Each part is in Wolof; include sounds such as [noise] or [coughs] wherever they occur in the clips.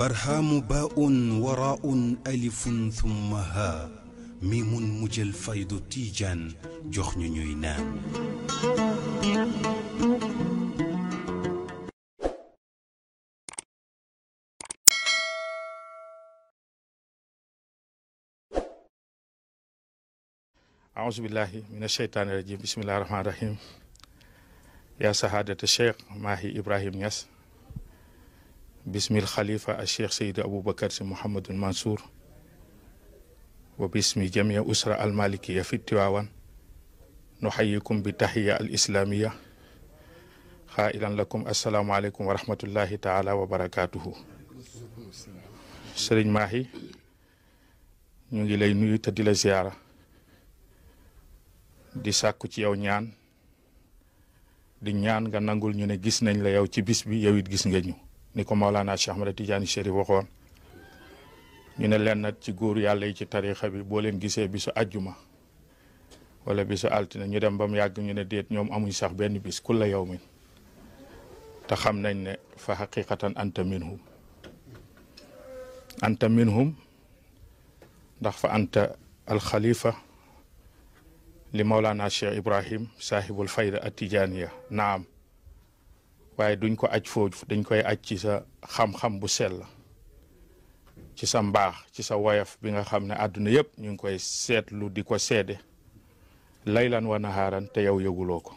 برهام باء وراء ألف ثم ها ميم مجل فيض تيجان جخن نينان أعوذ بالله من الشيطان الرجيم بسم الله الرحمن الرحيم يا سهادة الشيخ ماهي إبراهيم ياس باسم الخليفة الشيخ سيد أبو بكر محمد المنصور وباسم جميع أسرة المالكية في التواوان نحييكم بالتحية الإسلامية خائلا لكم السلام عليكم ورحمة الله تعالى وبركاته sëriñ Mahi ñu ngi نيو nuyu te di la ziyaara di sàkku ci yow ñaan di ñaan nga nangul ñu ne gis nañ la yow ci bis bi نيو it gis nga ñu niko maulana Cheikh ahmed Tidiane Chérif waxoon ñu ne len nak ci góor yàlla yi ci tariikha bi bo len gisee bisu aljuma wala bisu altine ñu dem bam yag ñu ne déet ñom amuñ sax ben bis kula yawmin ta xam nañ ne fa haqiqatan anta minhum anta minhum ndax fa anta alxalifa li Maolana Cheikh Ibrahim saahibul fayda at tijaaniya naam waaye duñ ko aj foofu dañ koy aj ci sa xam-xam bu sell ci sa mbaax ci sa woyof bi nga xam ne àdduna yépp ñu ngi koy seetlu di ko seede laylan wa naxaaran te yow yëguloo ko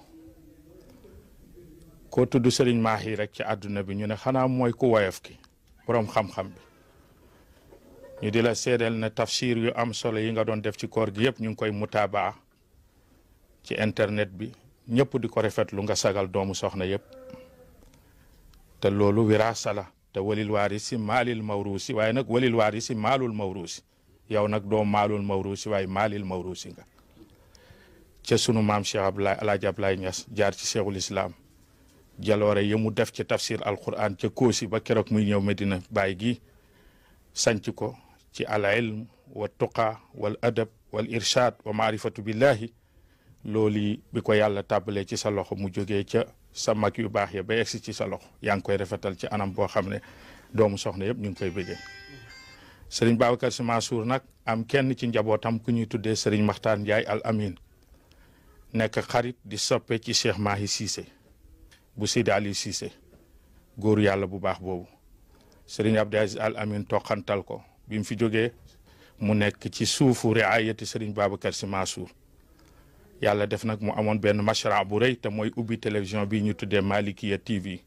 koo tudd sëriñ maax yi rek ci àdduna bi ñu ne xanaa mooy ku woyof ki boroom xam-xam bi ñu di la seedeel ne tafsir yu am solo yi nga doon def ci koor gi yépp ñu ngi koy mutaabaa ci internet bi ñëpp di ko rafetlu nga sagal doomu soxna yépp te loolu wiraasa la te walil waarisi maalil mawruusi waaye nag walil waarisi maalul mawruusi yow nag doo maalul mawruusi waaye maalil mawruusi nga ca sunu maam Cheikh Ablaye Alaaji Ablaye Niass jaar ci cheikhul islam jalore yi mu def ci tafsir alquran ca koosi ba keroog muy ñëw Medina Baay gi sanc ko ci al ilm wa tuqa wal adab wal irshad wa maarifatu billahi loolu bi ko yàlla tàbbalee ci sa loxo mu jógee ca sa mag yu baax ya ba yegsi ci sa loxo yaa ngi koy rafetal ci anam boo xam ne doomu soxna yëpp ñu ngi koy bëggee sëriñ Babacar Sy Mansour nag am kenn ci njabootam ku ñuy tuddee sëriñ Maxtaar Ndiaye al Amin nekk xarit di soppe ci Cheikh Mahi Cissé bu Sidi Aliou Cissé góor yàlla bu baax boobu sëriñ Abdou Aziz al Amin toqantal ko bi mu fi jógee mu nekk ci suufu riayati sëriñ Babacar Sy Mansour yàlla def nak mu amone ben mashra bu reey te moy ubi télévision bi ñu tuddé Malikiya TV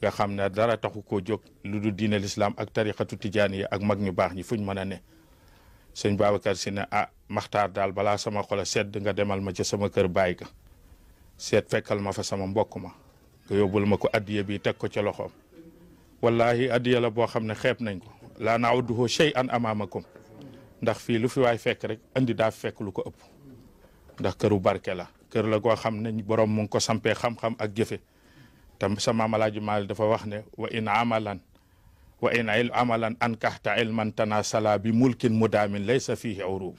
nga xam dara taxu koo jóg luddul dul diine lislaam ak tariqatu tijaan ak mag ñu bax ñi fuñ mëna ne sëñ babakar sina a ah dal bala sama xol sedd nga demal ma ci sama kër bay ga sedd fekkal ma fa sama mbokuma nga yóbbul ma bi tek ko ci loxoom wallahi adiya la bo xamne ne nañ ko la na'uduhu shay'an amamakum ndax fi lu fi way fekk rek andi da fekk lu ko ëpp ndax këru barke la kër la koo xam ne borom mu ngi ko sampee xam-xam ak jëfe tam sama malaaji maal dafa wax ne wa in amalan wa in il amalan an kahta ilman tanasala bi mulkin mudaamin laysa fihi awrubu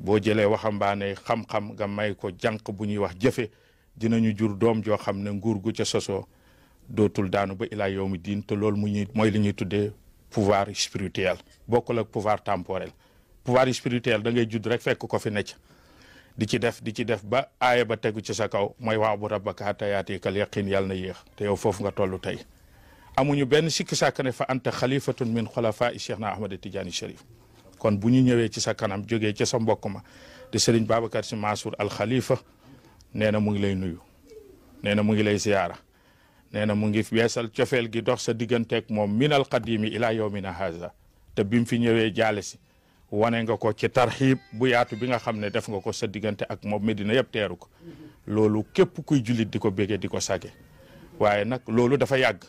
boo jëlee waxambaane xam-xam nga may ko jànq bu ñuy wax jëfe dinañu jur doom joo xam ne nguur gu ca sosoo dootul daanu ba ilaa yawmi diin te loolu mu ñuy mooy li ñuy tuddee pouvoir spirituel bokkul ak pouvoir temporel pouvoir spirituel da ngay judd rek fekk ko fi necc di ci def di ci def ba aaya ba tegu ci sa kaw mooy waaw bu rabbaka hatta kal yaqin yàlla na yéex te yow foofu nga toll tey amuñu benn sikki sàkk ne fa anta xalifatun min xulafa i cheikh na ahmada tidiani sharif kon bu ñu ñëwee ci sa kanam jóge ci sa mbokk ma di sëriñ babacar si mansour al xalifa nee na mu ngi lay nuyu nee na mu ngi lay ziyaara nee na mu ngi weesal cofeel gi dox sa digganteeg moom minal qadimi ila yawmina haza te bi mu fi ñëwee jaale si wane nga ko ci tarxiib bu yaatu bi nga xam ne def nga ko sa diggante ak moom Medina yëpp teeru ko loolu képp kuy jullit di ko béggee di ko sage waaye nag loolu dafa yàgg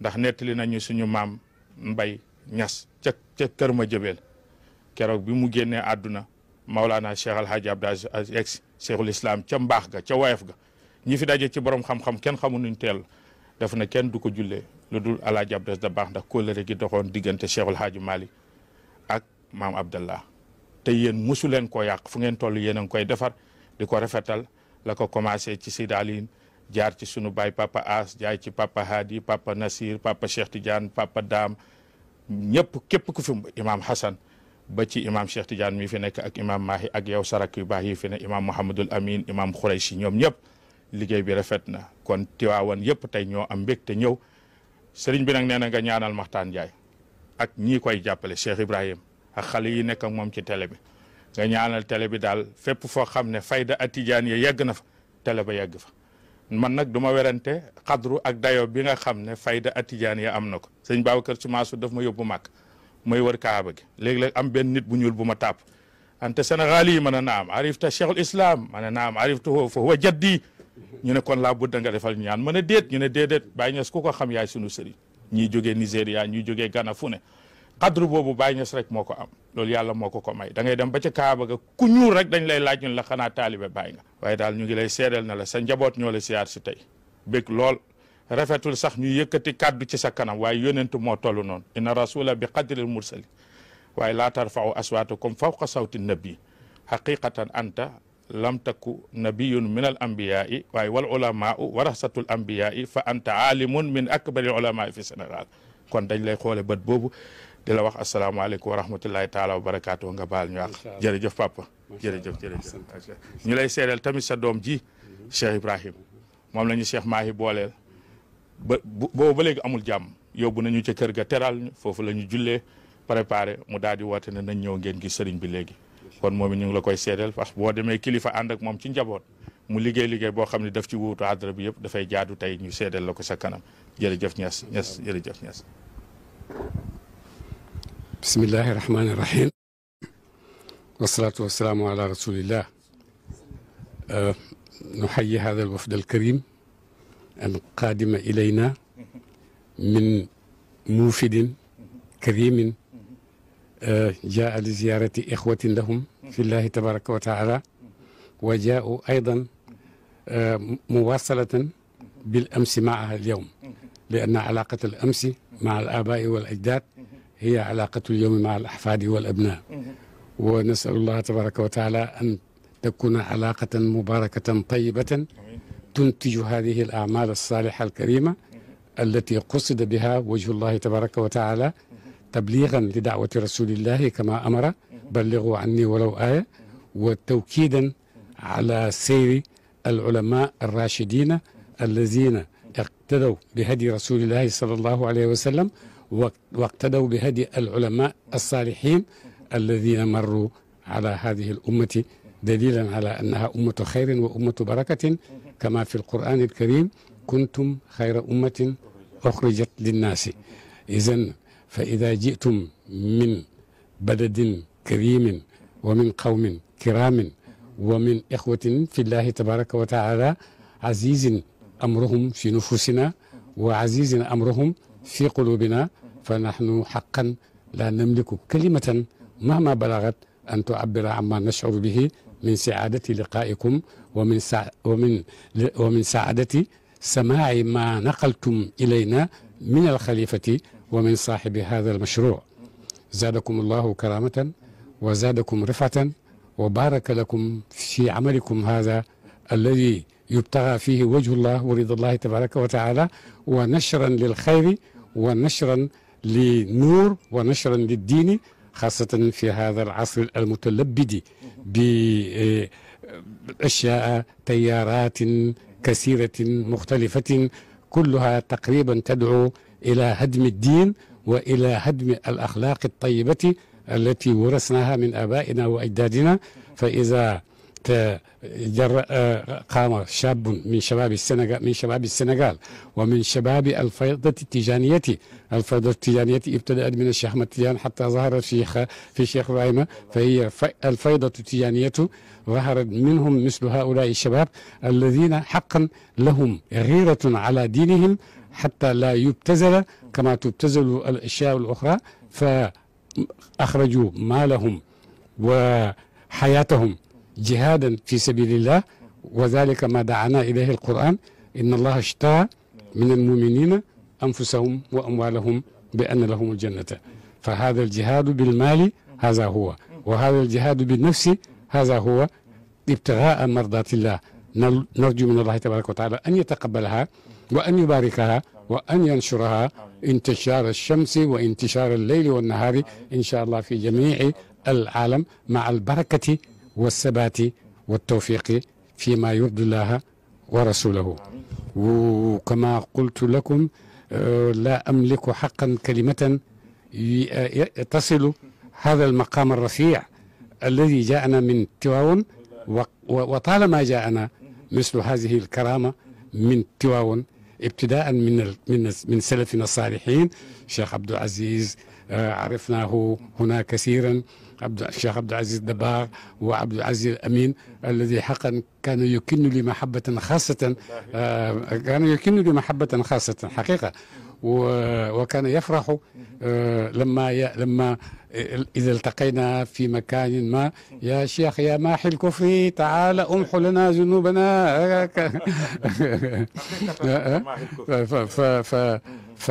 ndax nettali nañu suñu maam Mbay Ñas ca ca kër ma jëbeel keroog bi mu génnee àdduna Maulana Cheikh Al Hadj a ex Cheikhul Islam ca mbaax ga ca woyof ga ñi fi daje ci borom xam-xam kenn xamu nuñ teel def na kenn du ko jullee lu dul El Hadj da baax ndax kóllëre gi doxoon diggante Cheikhul Hadj Malick Mam Abdallah te yeen mosu leen koo yàq fu ngeen tollu yeen ngoy defar diko la ko commencer ci jaar ci sunu papa As jaay ci papa Hadi papa Nasir papa Cheikh Tidiane papa dam, ñepp kep ku fi imam hasan ba ci imam Cheikh Tidiane mi fi nek ak imam Mahi ak yow sarak yu baax yi fi ne imam mohammedul Amin Imam khuraishi ñom ñepp liggey bi refetna kon tiwaawon yep tay ño am mbégte ñew serigne bi nak neena nga ñaanal Maxtaan jaay ak ñi koy jappalé Cheikh Ibrahim ak xale yi nekk ak moom ci télé bi nga ñaanal télé bi daal fépp foo xam ne fayda atijaan ya yegg na fa télé ba yegg fa man nag duma werante xadru ak dayo bi nga xam ne fayda atijaan ya am na ko sëñ Babacar daf ma yóbbu màkk mooy wër kaaba gi léegi-léeg am benn nit bu ñuul bu ma tàpp ante sénégal yi ma ne naam arifta cheikhul islam ma ne naam ariftuhu fa huwa jaddi ñu ne kon laa budda nga defal ñaan ma déet ñu ne déedéet bàyyi ñes ku ko xam yaay sunu sëriñ ñii jógee Nigéria ñii jógee gana fu ne qadru bobu Baay rek moko am lolou yàlla moko ko may da ngay dem ba ci Kaaba ga ku ñuul rek dañ lay laaj ñun la xana talibé bay nga waaye dal ñu ngi lay sédel na la sa njabot ñoo la siyaar ci tay bég lol rafetul sax ñu yëkëti kàddu ci sa kanam waaye yonent mo tollu non inna rasula bi qadril mursali waaye la tarfau aswaatakum fawqa sawti nabi haqiqatan anta lam taku nabiyun min al anbiya'i waaye wal ulama'u warasatul anbiya'i fa anta 'alimun min akbari ulama'i fi Sénégal kon dañ lay xolé bët bobu di la wax asalaamaaleykum wa rahmatullahi taala wa barakaatu nga baal ñu àq jërëjëf papa jërëjëf jërëjëf ñu lay seedeel tamit sa doom ji mhm. Cheikh Ibrahim moom la ñu Cheikh Mahi booleel ba boobu ba léegi amul jàmm yóbbu nañu ca kër ga teral foofu la ñu jullee préparé mu daal di woote ne nañ ñëw ngeen ki sëriñ bi léegi kon moom it ñu ngi la koy seedeel parce que boo demee kilifa ànd ak moom ci njaboot mu liggéey liggéey boo xam ne daf ci wuutu àddara bi yëpp dafay jaadu tey ñu seedeel la ko sa kanam jërëjëf Niass Niass jërëjëf Niass بسم الله الرحمن الرحيم والصلاة والسلام على رسول الله أه نحيي هذا الوفد الكريم القادم إلينا من موفد كريم أه جاء لزيارة إخوة لهم في الله تبارك وتعالى وجاءوا أيضا أه مواصلة بالأمس معها اليوم لأن علاقة الأمس مع الآباء والأجداد هي علاقة اليوم مع الأحفاد والأبناء ونسأل الله تبارك وتعالى أن تكون علاقة مباركة طيبة تنتج هذه الأعمال الصالحة الكريمة التي قصد بها وجه الله تبارك وتعالى تبليغا لدعوة رسول الله كما أمر بلغوا عني ولو آية وتوكيدا على سير العلماء الراشدين الذين اقتدوا بهدي رسول الله صلى الله عليه وسلم واقتدوا بهدي العلماء الصالحين الذين مروا على هذه الأمة دليلا على أنها أمة خير وأمة بركة كما في القرآن الكريم كنتم خير أمة أخرجت للناس إذا فإذا جئتم من بلد كريم ومن قوم كرام ومن إخوة في الله تبارك وتعالى عزيز أمرهم في نفوسنا وعزيز أمرهم في قلوبنا فنحن حقا لا نملك كلمة مهما بلغت أن تعبر عما نشعر به من سعادة لقائكم ومن سع ومن ومن سعادة سماع ما نقلتم إلينا من الخليفة ومن صاحب هذا المشروع زادكم الله كرامة وزادكم رفعة وبارك لكم في عملكم هذا الذي يبتغى فيه وجه الله ورضا الله تبارك وتعالى ونشرا للخير ونشرا لنور ونشرا للدين خاصة في هذا العصر المتلبد بأشياء آه، تيارات كثيرة مختلفة كلها تقريبا تدعو إلى هدم الدين وإلى هدم الأخلاق الطيبة التي ورثناها من آبائنا وأجدادنا فإذا حتى قام شاب من شباب السنغال من شباب السنغال ومن شباب الفيضة التيجانية الفيضة التيجانية ابتدأت من الشيخ متيان حتى ظهر الشيخ في الشيخ رايمة فهي الفيضة التيجانية ظهرت منهم مثل هؤلاء الشباب الذين حقا لهم غيرة على دينهم حتى لا يبتزل كما تبتزل الأشياء الأخرى فأخرجوا مالهم وحياتهم جهادا في سبيل الله وذلك ما دعانا إليه القرآن إن الله اشترى من المؤمنين أنفسهم وأموالهم بأن لهم الجنة فهذا الجهاد بالمال هذا هو وهذا الجهاد بالنفس هذا هو ابتغاء مرضات الله نرجو من الله تبارك وتعالى أن يتقبلها وأن يباركها وأن ينشرها انتشار الشمس وانتشار الليل والنهار إن شاء الله في جميع العالم مع البركة والثبات والتوفيق فيما يرضي الله ورسوله وكما قلت لكم آه، لا أملك حقا كلمة تصل هذا المقام الرفيع الذي جاءنا من تواون وطالما جاءنا مثل هذه الكرامة من تواون ابتداء من من من سلفنا الصالحين شيخ عبد العزيز آه، عرفناه هنا كثيرا عبد الشيخ عبد العزيز دبار وعبد العزيز الامين الذي حقا كان يكن لي محبه خاصه آه، كان يكن لي محبه خاصه حقيقه وكان يفرح آه، لما لما آه، اذا التقينا في مكان ما يا شيخ يا ماحي الكفر تعال امح لنا ذنوبنا [laughs] ف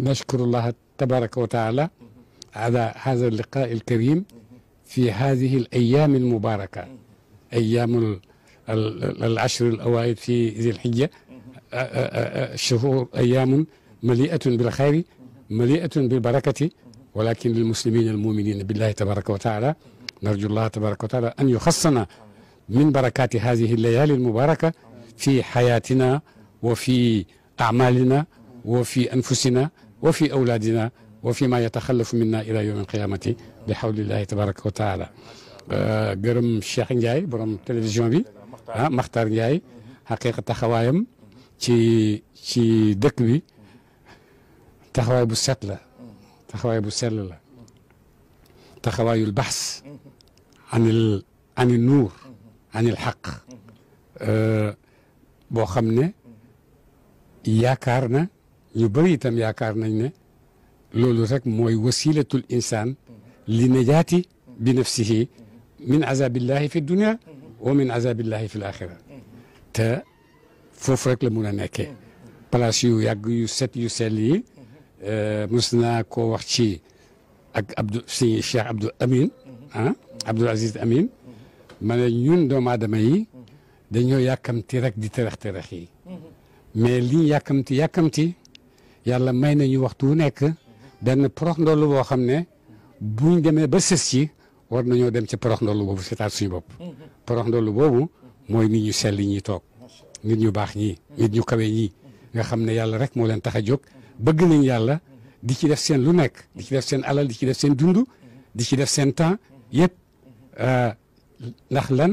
نشكر الله تبارك وتعالى على هذا اللقاء الكريم في هذه الايام المباركه ايام العشر الاوائل في ذي الحجه الشهور أيام مليئة بالخير مليئة بالبركة ولكن للمسلمين المؤمنين بالله تبارك وتعالى نرجو الله تبارك وتعالى أن يخصنا من بركات هذه الليالي المباركة في حياتنا وفي أعمالنا وفي أنفسنا وفي أولادنا وفيما يتخلف منا إلى يوم القيامة بحول الله تبارك وتعالى قرم الشيخ جاي برم تلفزيون بي مختار Makhtar حقيقه خوايم ci ci dëkk bi taxawaay bu set la taxawaay bu sell la taxawaayul baxs anil anil nuur anil xaq boo xam ne yaakaar na ñu bëri itam yaakaar nañ ne loolu rek mooy wasilatul insaan li najaati bi nafsihi min azabillahi fi dunia wa min azabillahi fi l axira te foofu rek la mun a nekkee place yu yàgg yu set yu sell yi euh, mos naa koo wax ci ak Abdou si Cheikh Abdou Amin ah Abdoul Aziz Amin ma ne ñun doomu aadama yi dañoo yàkkamti rek di tërax tërax yi mais liñ yàkkamti yàkkamti yàlla may nañu waxtu wu nekk benn porox ndollu boo xam ne buñ demee ba sës ci war nañoo dem ci porox ndollu boobu seetaat suñu bopp porox ndollu boobu mooy nit ñu sell ñi toog nit ñu baax ñi nit ñu kawe ñi nga xamné yàlla rek mo leen taxa a jóg bëgg nañ yàlla di ci def seen lu nekk di ci def seen alal di ci def seen dundu di ci def seen temps yëpp ndax lan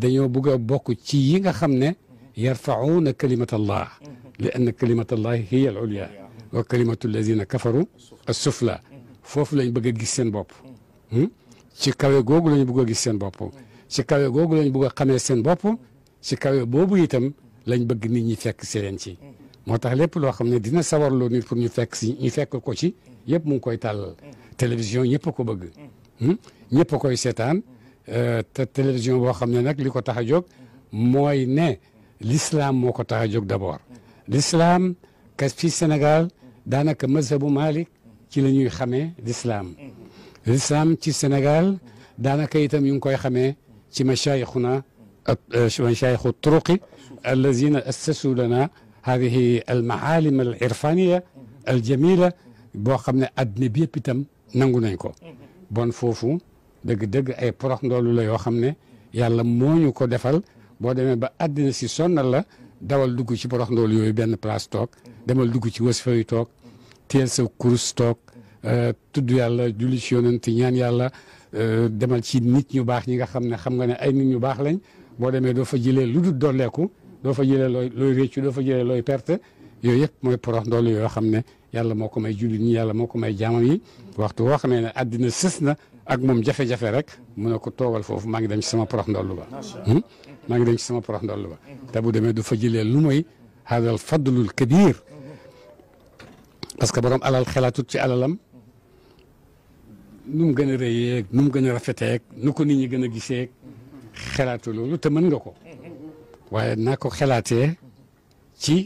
dañoo bëgg a bokk ci yi nga xam ne yarfauna kalimat allah li an kalimat allah hiya alulya wa kalimatu alladina kafaru assufla foofu lañ bëgg a gis seen bopp ci kawe googu lañ bëgg a gis seen bopp ci kawe googu lañ bëgg a xamee seen bopp ci kawe boobu itam lañ bëgg nit ñi fekk si leen ci moo tax lépp loo xam ne dina sawarloo nit pour ñu fekk si ñu fekk ko ci yëpp mu ngi koy tàllal télévision ñëpp a ko bëgg hmm? ñëpp koy seetaan euh, te télévision boo xam ne nag li ko tax a jóg mooy ne lislaam moo ko tax a jóg d'abord l'islam kas fii Sénégal daanaka mazhabu Malik ci la ñuy xamee l'islam ci Sénégal daanaka itam ñu ngi koy xamee ci mashayixuna شيخ الطرقي الذين أسسوا لنا هذه المعالم العرفانية الجميلة بوخمنا أدنى بيه بيتم نانغونينكو بون فوفو دق دق أي بروخ دولو لا يوخمنا يالا مونيو كو دفل بو دمي با أدنى سي سون الله دول دوكو شي بروخ دولو يوي بيان بلاس توك دمال دوكو شي وسفوي توك تيل سو كروس توك آه، تدو يالا جوليش يونان تنيان يالا آه، دمال شي نيت نيو باخ نيغا خمنا خمنا أي نيو باخ لنه boo demee doo fa jëlee lu dul dolleeku doo fa jëlee looy looy réccu doo fa jëlee looy perte yooyu yëpp mooy porox ndoolu yoo xam ne yàlla moo ko may jullit ñi yàlla moo ko may jaamam yi waxtu woo xamee ne àddina sës na ak moom jafe-jafe rek mu ne ko toogal foofu maa ngi dem ci sama porox ndoolu ba hmm? maa ngi ci sama porox ndoolu te bu demee du fa jëlee lu mooy hadal fadlul kabir parce que borom alal xelaatut ci alalam nu mu gën a rëyeeg nu mu gën a rafeteeg nu ko nit ñi gën a giseeg xalaatu loolu te mën nga ko waaye naa ko xalaatee ci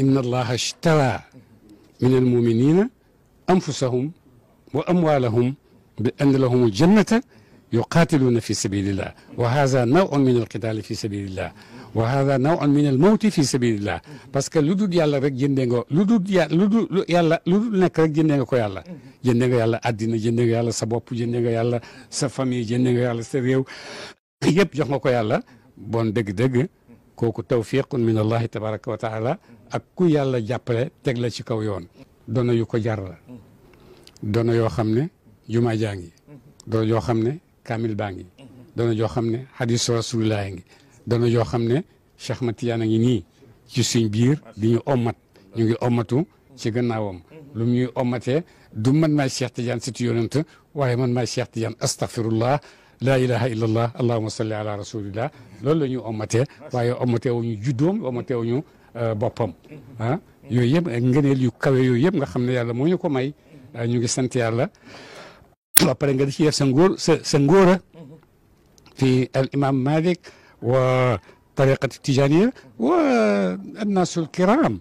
inna allaha ishtara min almuminina anfusahum wa amwalahum bi an lahum aljannata yuqatiluna fi sabilillah wa hadha nawun min alqitali fi sabilillah وهذا نوع من الموت في سبيل parce que lu dul yàlla rek jëndee nga lu dul yàlla lu dul nekk rek jëndee nga ko yàlla jëndee nga yàlla àddina jëndee yàlla sa bopp jëndee nga yàlla sa famille jëndee nga yàlla sa réew [coughs] yëpp jox nga ko yàlla bon dëgg-dëgg kooku tawfiqun min allahi tabaraka wa taala ak ku yàlla jàppale teg la ci kaw yoon dono yu ko jar la dono yoo xam ne jumaa jaa ngi dono yoo xam ne kaamil baa ngi dono yoo xam ne hadisu rasulillah ngi dana yoo xam ne Cheikh ma Tidiane a ngi nii ci suñ biir di ñu ommat ñu ngi ommatu ci gannaawam lu ñuy ommatee du man maay Cheikh Tidiane si tu yonent waaye man maay Cheikh Tidiane astaghfirullah laa ilaha illallah allahumma salli ala rasulillah loolu la ñuy ommatee waaye ommatee wu ñu juddoom ommatee wu ñu euh, boppam ah yooyu yëpp ngëneel yu kawe yooyu yëpp nga xam ne yàlla moo ñu ko may ah, ñu ngi sant yàlla ba pare nga di ci def sa ngóor sa sa و وطريقة التجارية والناس الكرام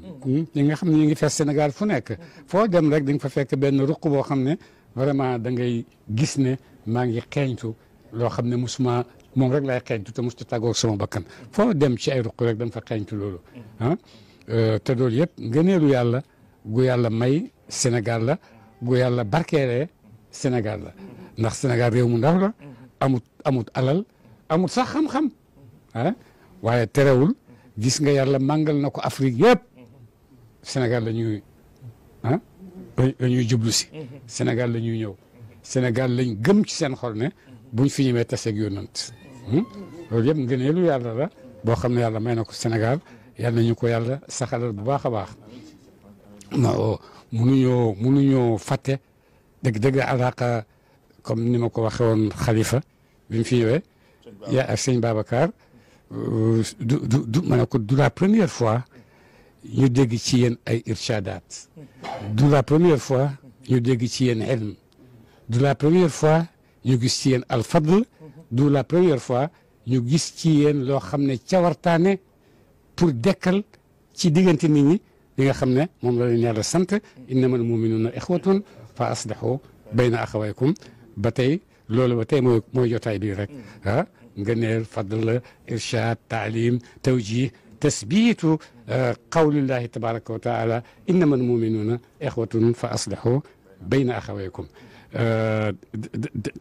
اللي خمني في السنغال فناك فودم لك دين فاك بين رقبة خمني فريمون دنجي جسمي ماغي كاينتو لو خمني مسما موم لا كاينتو تا مستا تاغو سما بكام فودم شي اي رقبة دنجي فاكاينتو لولو ها أه، تدول يب غنيلو يالا ماي السنغال لا غو يالا باركيري لا ناخ السنغال ريو من اموت اموت الال اموت صح خم ah waaye terewul gis nga yàlla màngal na ko Afrique yëpp Sénégal la ñuy ah la jublu si Sénégal la ñëw Sénégal lañ gëm ci seen xol ne buñ fi ñemee taseeg yónnant hmm? loolu yëpp ngëneelu yàlla la boo xam ne yàlla may na ko Sénégal yàlla nañu ko yàlla saxalal bu baax a baax non oh, munuñoo munuñoo fàtte dëgg-dëgg alaaka comme ni ma ko waxee xalifa bi fi ñëwee. yaa ak sëñ du du du la première fois ñu dégg ci yéen ay irshadaat du la première fois ñu dégg ci yéen ilm du la première fois ñu gis ci yéen alfadl du la première fois ñu gis ci yéen loo xam ne cawartaane pour dekkal ci diggante nit ñi li nga xam ne moom la leen yàlla sant innamal muminuuna ixwatun fa aslihu bayna axawaykum ba tey loolu ba tey mooy mooy jotaay bii rek ah قنال فضل ارشاد تعليم توجيه تثبيت آه، قول الله تبارك وتعالى انما المؤمنون اخوه فاصلحوا بين اخويكم آه،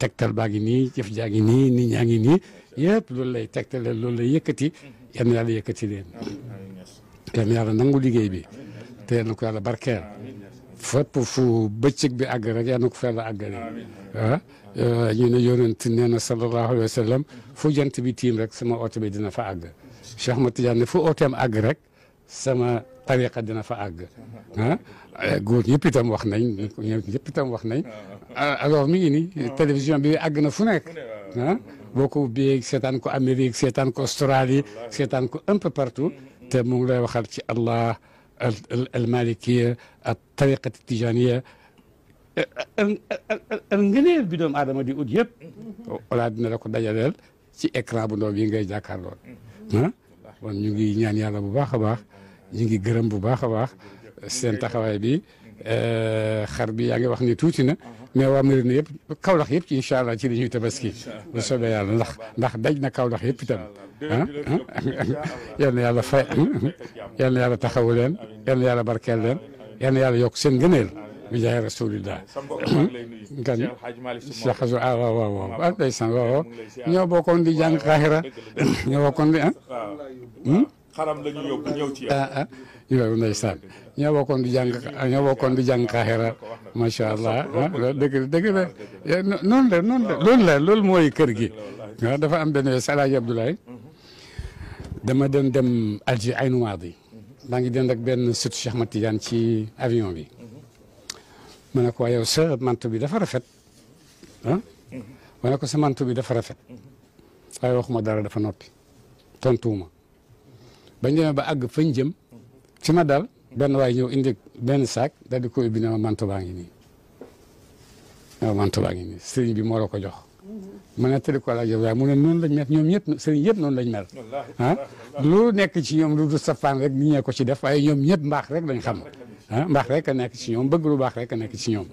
تكتل باغيني يفجاغيني نياغيني يب لولاي تكتل لولاي يكتي يم يالا يكتي لين يم يالا نانغو ليغي بي تي نكو يالا بيتشك بي اغ رك يا ah ñu ne yonent nee na sallallahu alayhi wa sallam fu jant bi tiim rek sama oote bi dina fa àgg Cheikh Ahmad Tidiane ne fu ooteem àgg rek sama tariqa dina fa àgg ah góor ñëpp itam wax nañ ñëpp itam wax nañ alors mi ngi nii télévision bi àgg na fu nekk ah boo ko ubbee seetaan ko Amérique seetaan ko Australie seetaan ko un peu partout te mu ngi lay waxal ci Allah al al malikiya at tariqat tijaniya ngëneel bi doomu aadama di ut yëpp wala dina la ko dajaleel ci écran bu ndaw bii ngay jàkkaarlool ah ñu ngi ñaan yàlla bu baax a baax ñu ngi gërëm bu baax a baax seen taxawaay bi eh, xar bi yaa ngi wax ni tuuti na mais waa Mérina yëpp Kaolack yëpp ci incha allah ci li ñuy tabaski bu soobee yàlla ndax ndax daj na Kaolack yëpp itam ah yal na yàlla fay yàlla taxawu leen yal yàlla barkeel leen yàlla yokk seen ngëneel bi jaay [clears throat] [clears throat] kan gan Cheikh Azou ah wa waaw waaw ah ndeysaan wa ño bokon di jang xaaxira ño bokon di ah. xaram la ñu yóbbu ci ah ah yow ndeysaan ño bokon di jang ño bokon di jàng ma sha allah deug deug la non la non la lool la lool moy loolu kër gi. waaw dafa am ben bés abdoulay dama dem dem Alger ay wadi mangi maa ngi dend ak benn sut Cheikh matiane ci avion bi. ma ne ko waaye sa manto bi dafa rafet ah ko sa mant bi dafa rafet mm-hmm. waaye waxuma dara dafa noppi tontuwuma bañ demee ba àgg fañ jëm fi ma dal benn waay ñëw indi benn saak daal di ko ubbi ne ma mant baa ngi nii ne ma bi moo la ko jox mm-hmm. ma nettali ko laaj waaye mu ne noonu lañ mel ñoom ñëp sëriñ yëpp noonu lañ mel ah lu nekk ci ñoom lu du safaan rek nit ñee ko ci def waaye ñoom ñëpp mbaax rek lañ xam ah mbaax rek a nekk ci ñoom bëgg lu baax rek a nekk ci ñoom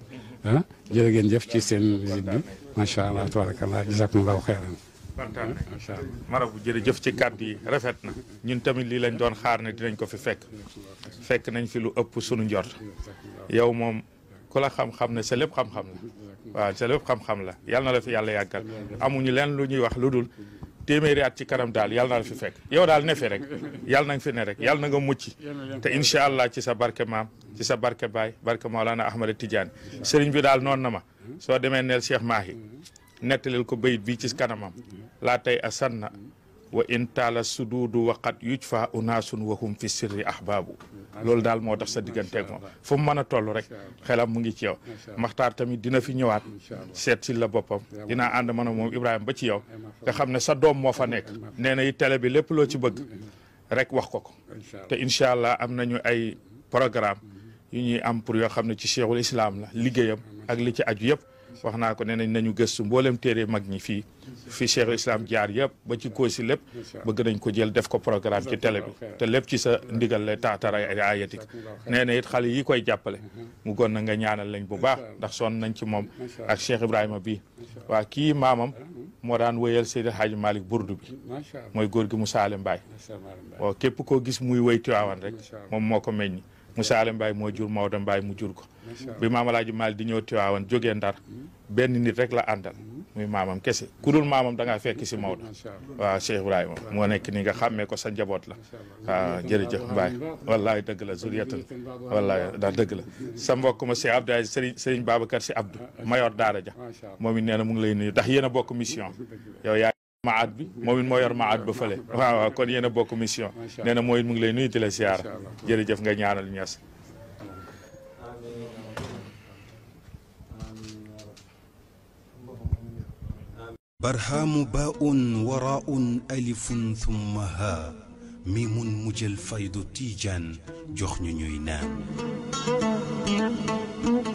ah jërë ngeen jëf ci seen visite bi macha allah tabarakallah jazakumullahu xeyran mara nañ ah, marabu jëf ci kàddu yi rafet na ñun tamit lii lañ doon xaar ne dinañ ko fi fekk fekk nañ fi lu ëpp sunu njort yow moom ku la xam-xam ne sa lépp xam-xam la waaw sa lépp xam-xam la yal na la fi yàlla yàggal amuñu leen lu ñuy wax lu dul téeméeri ci kanam daal yàlla na la fi fekk yow daal ne fi rek yàlla na nga fi ne rek yàlla nga mucc te incha allah ci sa barke maam ci sa barke baay barke Maolana Ahmad Tidiane sëriñ bi daal noon na ma soo demee neel Cheikh Mahi nettalil ko bayit bi ci kanamam laa tey a sanna wa in taala suduudu waqat yuj fa unaasun wahum fi sirri ahbaabu loolu daal moo tax sa digganteeg moom fu mu mën a toll rek xelam mu ngi ci yow maxtaar tamit dina fi ñëwaat seet si la boppam dinaa ànd man ak moom Ibrahima ba ci yow nga xam ne sa doom moo fa nekk nee na yi télé bi lépp loo ci bëgg rek wax ko ko te incha allah am nañu ay programme yu ñuy am pour yoo xam ne ci cheikhul islam la liggéeyam ak li ci aju yëpp wax naa ko ne nañ nañu gëstu mbooleem téere mag ñi fii fi cheikhul islam jaar yëpp ba ci koosi lépp bëgg nañ ko jël def ko programme ci télé bi te lépp ci sa ndigal la taatara ayatik nee na it xale yi koy jàppale mu gon na nga ñaanal lañ bu baax ndax sonn nañ ci moom ak cheikh ibrahima bi waa kii maamam moo daan wéyal Seydi Hadji Malick burdu bi mooy góor gi Moussa Ale Mbaye waaw képp koo gis muy wéy Tiwaawan rek moom moo ko meññ Moussa Ali Mbaye moo jur Maodo Mbaye mu jur ko bi maam Alaaji Maal di ñëw Tiwaawan jógee Ndar hmm. benn nit rek la àndal hmm. muy maamam kese ku dul maamam danga ngaa fekk si Maodo waaw Cheikh Ibrahima moo nekk nii nga xàmmee ko sa njaboot la waaw jërëjëf Mbaye wallaay dëgg la zuriyatan wallaay ndax dëgg la sa mbokk ma si Abdou Aziz Serigne Serigne Babacar si Abdou ah, ah. mayor daara ja moom it nee na mu ngi lay nii ndax yéen bokk mission [laughs] yow yaa maat bi moom it moo yor maat ba fële waaw waaw kon yéen a bokk mission nee na mooy mu ngi lay nuyu di la siyaar jërëjëf nga ñaanal ñas برهام باء وراء ألف ثم ها ميم مجل فيض تيجان جخن نام